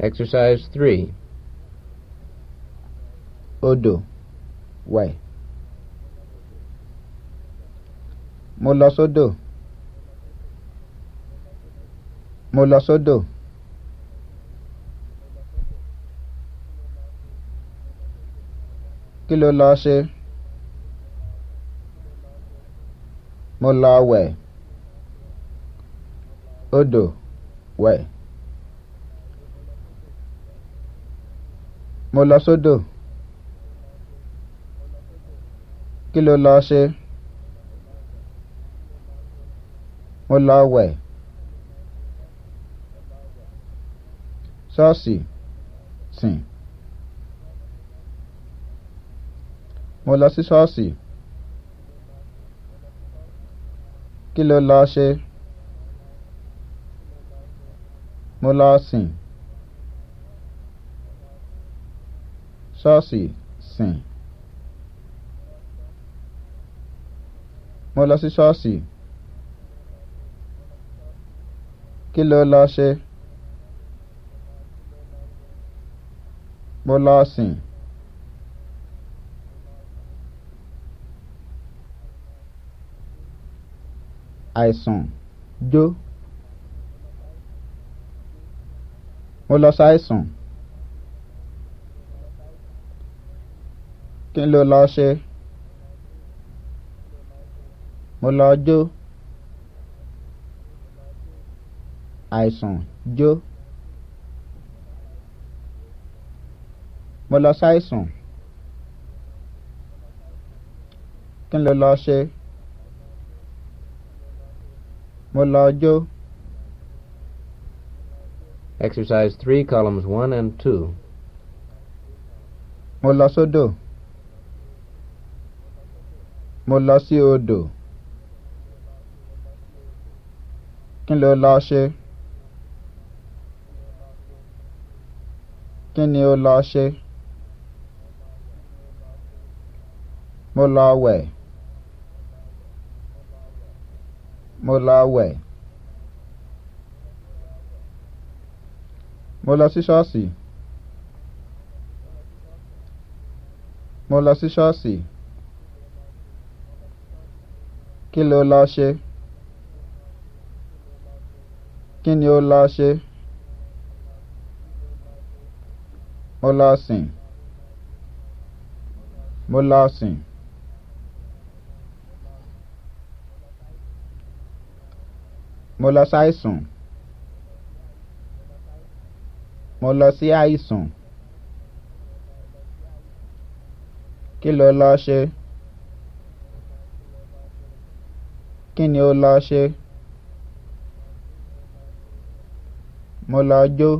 Exercise 3 Odò why? Mo lọ sódò. Mo lọ sódò. Kí Odò why? mo lọ sódò kí ló lọ ṣe mo lọ wẹ̀ ṣọ́ọ̀ṣì sìn mo lọ sí ṣọ́ọ̀ṣì kí ló lọ ṣe mo lọ sìn. ṣọ́ọ̀ṣì sìn mo lọ sí ṣọ́ọ̀ṣì kí ló lọ ṣe mo lọ sìn. àìsàn jó mo lọ ṣàìsàn. kí ló lọ ṣe mo lọ jó àìsàn jó mo lọ ṣàìsàn kí ló lọ ṣe mo lọ jó. Exercise 3, columns 1 and 2. Mo lọ sódò. mo lọ sí odò kí ló lọ ṣe kí ni ó lọ ṣe mo lọ wẹ̀ mo lọ wẹ̀ mo lọ sí ṣọ́ọ̀ṣì mo lọ sí ṣọ́ọ̀ṣì kí ló lọ ṣe kí ni ó lọ ṣe mo lọ sìn mo lọ sìn mo lọ ṣàìsùn mo lọ sí àìsùn kí ló lọ ṣe. Kí ni o lọ ṣe? Mo lọ jó.